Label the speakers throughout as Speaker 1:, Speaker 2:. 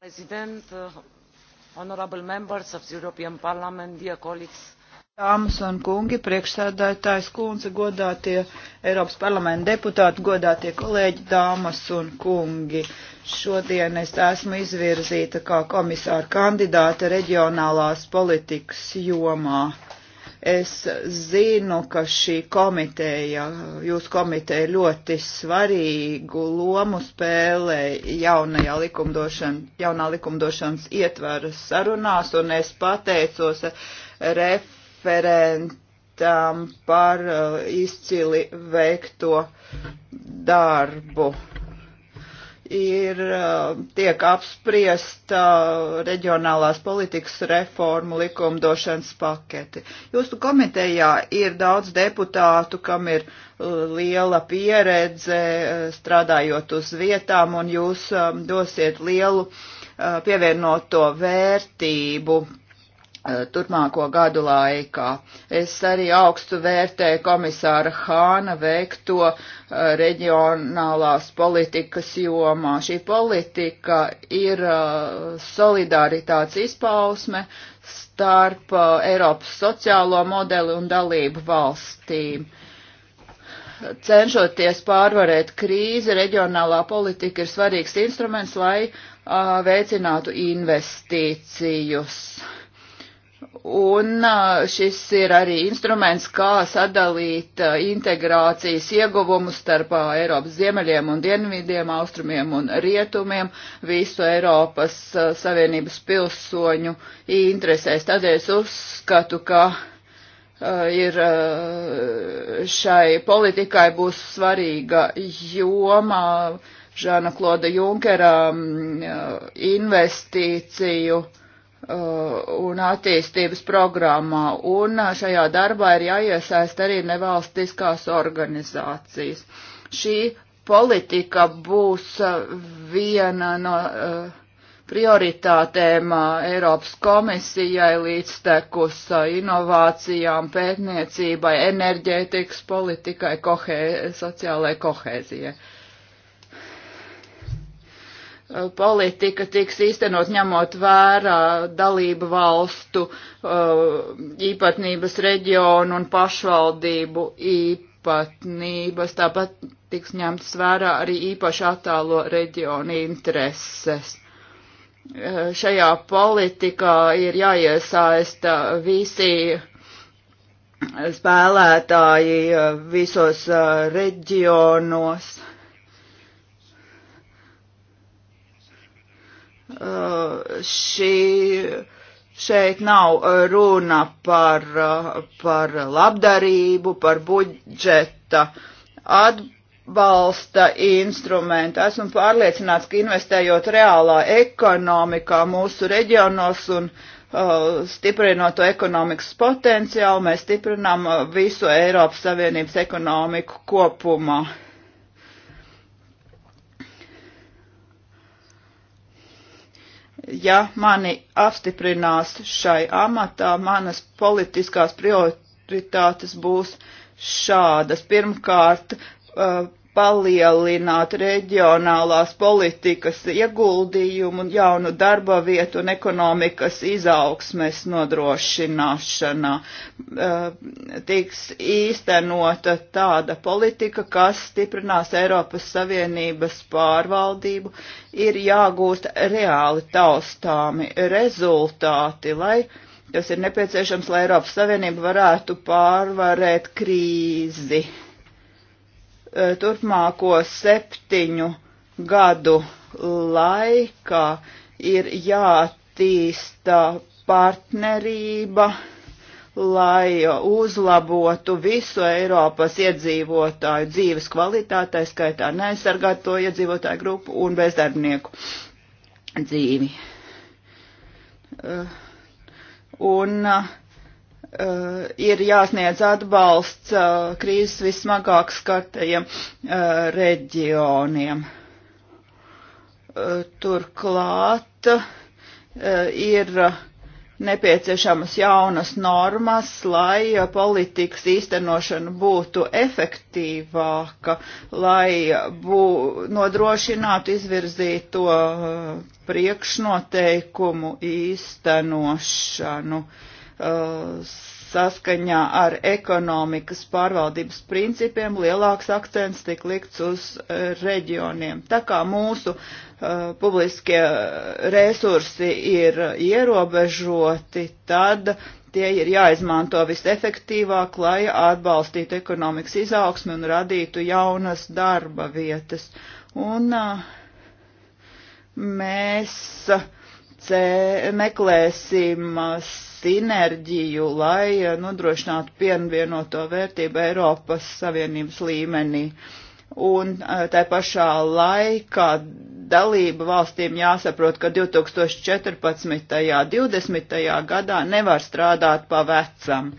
Speaker 1: President, uh, honorable members of the European Parliament, dear colleagues. Dāmas un kungi, priekšsēdētājs kundze, godātie Eiropas parlamenta deputāti, godātie kolēģi, dāmas un kungi. Šodien es esmu izvirzīta kā komisāra kandidāte reģionālās politikas jomā. Es zinu, ka šī komiteja, jūsu komiteja ļoti svarīgu lomu spēlē jaunajā likumdošana, jaunā likumdošanas ietvaras sarunās, un es pateicos referentam par uh, izcili veikto darbu ir, tiek apspriesta reģionālās politikas reformu likumdošanas paketi. Jūsu komitejā ir daudz deputātu, kam ir liela pieredze strādājot uz vietām, un jūs dosiet lielu pievienoto vērtību Eh, turpmāko gadu laikā. Es arī augstu vērtēju komisāra Hāna veikto eh, reģionālās politikas jomā. Šī politika ir eh, solidaritātes izpausme starp Eiropas sociālo modeli un dalību valstīm cenšoties pārvarēt krīzi, reģionālā politika ir svarīgs instruments, lai a, veicinātu investīcijus. Un šis ir arī instruments, kā sadalīt integrācijas ieguvumus starp Eiropas ziemeļiem un dienvidiem, austrumiem un rietumiem visu Eiropas Savienības pilsoņu interesēs. Tādēļ es uzskatu, ka ir šai politikai būs svarīga joma Žana Kloda Junkera investīciju Uh, un attīstības programmā, un uh, šajā darbā ir jāiesaist arī nevalstiskās organizācijas. Šī politika būs uh, viena no prioritātēm Eiropas komisijai līdztekus inovācijām, pētniecībai, enerģētikas politikai, kohē, sociālai kohēzijai politika tiks īstenot ņemot vērā dalību valstu uh, īpatnības reģionu un pašvaldību īpatnības. Tāpat tiks ņemtas vērā arī īpaši attālo reģionu intereses uh, šajā politikā ir jāiesaista visi spēlētāji uh, visos reģionos. Uh, šī, šeit nav runa par, uh, par labdarību, par budžeta atbalsta instrumentu. Esmu pārliecināts, ka investējot reālā ekonomikā mūsu reģionos un uh, stiprinot to ekonomikas potenciālu, mēs stiprinām uh, visu Eiropas Savienības ekonomiku kopumā. Uh, ja mani apstiprinās šai amatā, manas politiskās prioritātes būs šādas. Pirmkārt, uh, palielināt reģionālās politikas ieguldījumu un jaunu darba vietu un ekonomikas izaugsmes nodrošināšanā. Eh, tiks īstenota tāda politika, kas stiprinās Eiropas Savienības pārvaldību, ir jāgūst reāli taustāmi rezultāti, lai tas ir nepieciešams, lai Eiropas Savienība varētu pārvarēt krīzi E, turpmāko septiņu gadu laikā ir jātīsta partnerība, lai uzlabotu visu Eiropas iedzīvotāju dzīves kvalitāti, tā skaitā neaizsargāto iedzīvotāju grupu un bezdarbnieku dzīvi. E, un uh, Uh, ir jāsniedz atbalsts uh, krīzes vismagāk skartajiem uh, reģioniem. Turklāt ir nepieciešamas jaunas normas, lai politikas īstenošana būtu efektīvāka, lai bū, nodrošinātu izvirzīto priekšnoteikumu īstenošanu. Uh, Uh, saskaņā ar ekonomikas pārvaldības principiem lielāks akcents tik likts uz uh, reģioniem. Tā kā mūsu uh, publiskie resursi ir ierobežoti, tad tie ir jāizmanto visefektīvāk, lai atbalstītu ekonomikas izaugsmi un radītu jaunas darba vietas. Un uh, mēs uh, meklēsim uh, sinerģiju, lai uh, nodrošinātu pienvienoto vērtību Eiropas Savienības līmenī. Un uh, tā pašā laikā dalība valstīm jāsaprot, ka 2014. un 2020. gadā nevar strādāt pa vecam.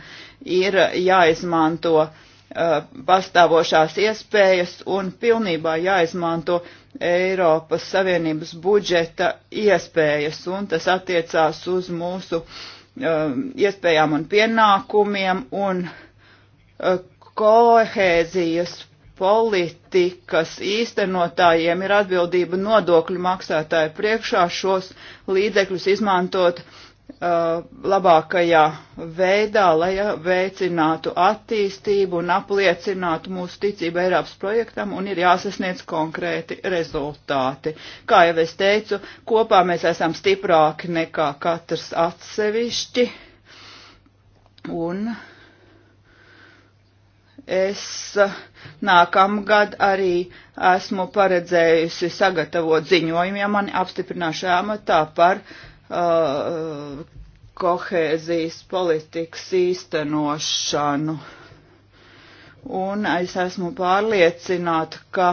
Speaker 1: Ir jāizmanto uh, Uh, pastāvošās iespējas un pilnībā jāizmanto Eiropas Savienības budžeta iespējas, un tas attiecās uz mūsu um, iespējām un pienākumiem un uh, kohēzijas politikas īstenotājiem ir atbildība nodokļu maksātāju priekšā šos līdzekļus izmantot uh, Uh, labākajā veidā, lai veicinātu attīstību un apliecinātu mūsu ticību Eiropas projektam un ir jāsasniedz konkrēti rezultāti. Kā jau es teicu, kopā mēs esam stiprāki nekā katrs atsevišķi un es uh, nākamgad arī esmu paredzējusi sagatavot ziņojumu, ja mani apstiprināšu amatā par uh, uh, kohēzijas politikas īstenošanu. Un es esmu pārliecināta, ka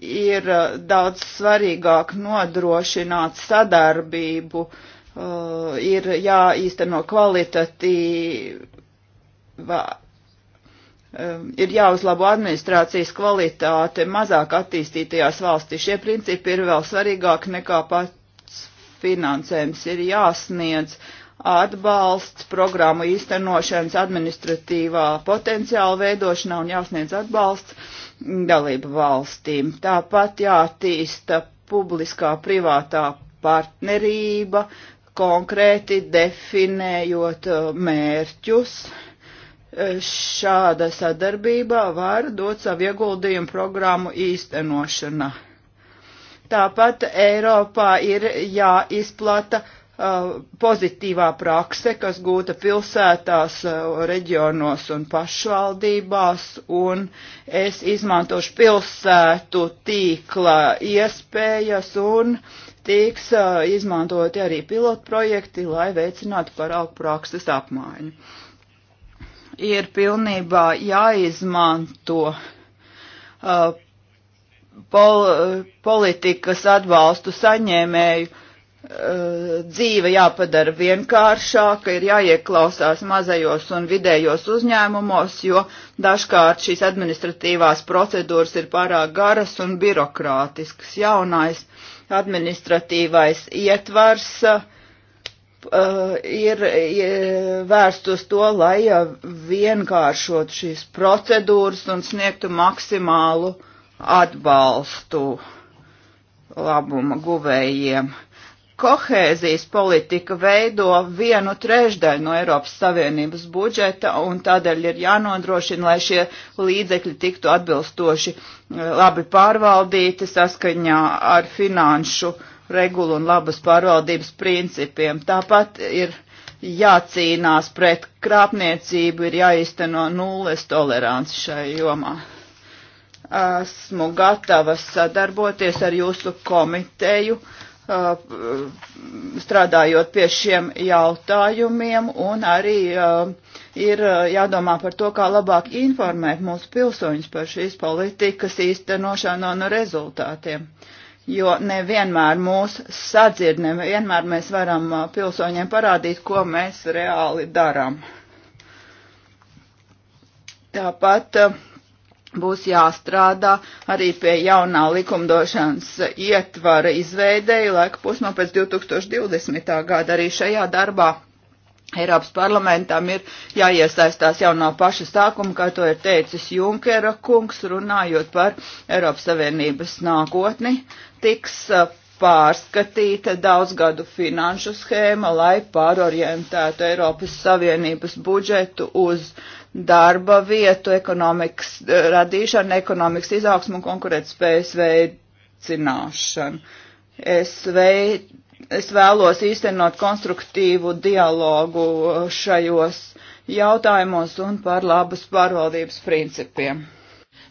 Speaker 1: ir uh, daudz svarīgāk nodrošināt sadarbību, uh, ir jāīsteno kvalitatīva, um, ir jāuzlabo administrācijas kvalitāte mazāk attīstītajās valstīs. Šie principi ir vēl svarīgāk nekā pat finansējums ir jāsniedz atbalsts programmu īstenošanas administratīvā potenciāla veidošanā un jāsniedz atbalsts dalību valstīm. Tāpat jātīsta publiskā privātā partnerība, konkrēti definējot uh, mērķus. Uh, šāda sadarbība var dot savu ieguldījumu programmu īstenošanā Tāpat Eiropā ir jāizplata uh, pozitīvā prakse, kas gūta pilsētās, uh, reģionos un pašvaldībās, un es izmantošu pilsētu tīkla iespējas un tiks uh, izmantoti arī pilotprojekti, lai veicinātu paraugu prakses apmaiņu. Ir pilnībā jāizmanto uh, pol, politikas atbalstu saņēmēju eh, dzīve jāpadara vienkāršāka, ir jāieklausās mazajos un vidējos uzņēmumos, jo dažkārt šīs administratīvās procedūras ir pārāk garas un birokrātiskas. Jaunais administratīvais ietvars uh, ir, ir vērst uz to, lai vienkāršot šīs procedūras un sniegtu maksimālu uh, atbalstu labuma guvējiem. Kohēzijas politika veido vienu trešdaļu no Eiropas Savienības budžeta, un tādēļ ir jānodrošina, lai šie līdzekļi tiktu atbilstoši eh, labi pārvaldīti saskaņā ar finanšu regulu un labas pārvaldības principiem. Tāpat ir jācīnās pret krāpniecību, ir jāizteno nulles tolerants šai jomā esmu gatava sadarboties ar jūsu komiteju, strādājot pie šiem jautājumiem, un arī ir jādomā par to, kā labāk informēt mūsu pilsoņus par šīs politikas īstenošanu un rezultātiem. Jo nevienmēr mūs sadzird, nevienmēr mēs varam pilsoņiem parādīt, ko mēs reāli darām. Tāpat uh, būs jāstrādā arī pie jaunā likumdošanas ietvara izveidēja laika posmā pēc 2020. gada. Arī šajā darbā Eiropas parlamentam ir jāiesaistās jau no paša sākuma, kā to ir teicis Junkera kungs, runājot par Eiropas Savienības nākotni, tiks uh, pārskatīta daudzgadu finanšu schēma, lai pārorientētu Eiropas Savienības budžetu uz darba vietu, ekonomikas eh, radīšanu, ekonomikas izaugsmu un konkurētspējas veicināšanu. Es, vei, es vēlos īstenot konstruktīvu dialogu eh, šajos jautājumos un par labas pārvaldības principiem.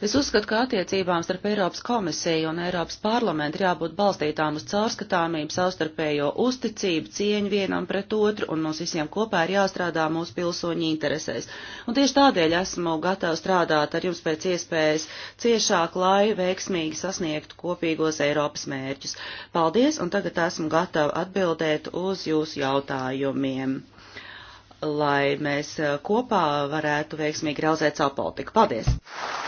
Speaker 1: Es uzskatu, ka attiecībām starp Eiropas komisiju un Eiropas parlamentu jābūt balstītām uz caurskatāmību, savstarpējo uzticību, cieņu vienam pret otru, un mums visiem kopā ir jāstrādā mūsu pilsoņu interesēs. Un tieši tādēļ esmu gatava strādāt ar jums pēc iespējas ciešāk, lai veiksmīgi sasniegtu kopīgos Eiropas mērķus. Paldies, un tagad esmu gatava atbildēt uz jūsu jautājumiem lai mēs eh, kopā varētu veiksmīgi realizēt savu politiku. Paldies!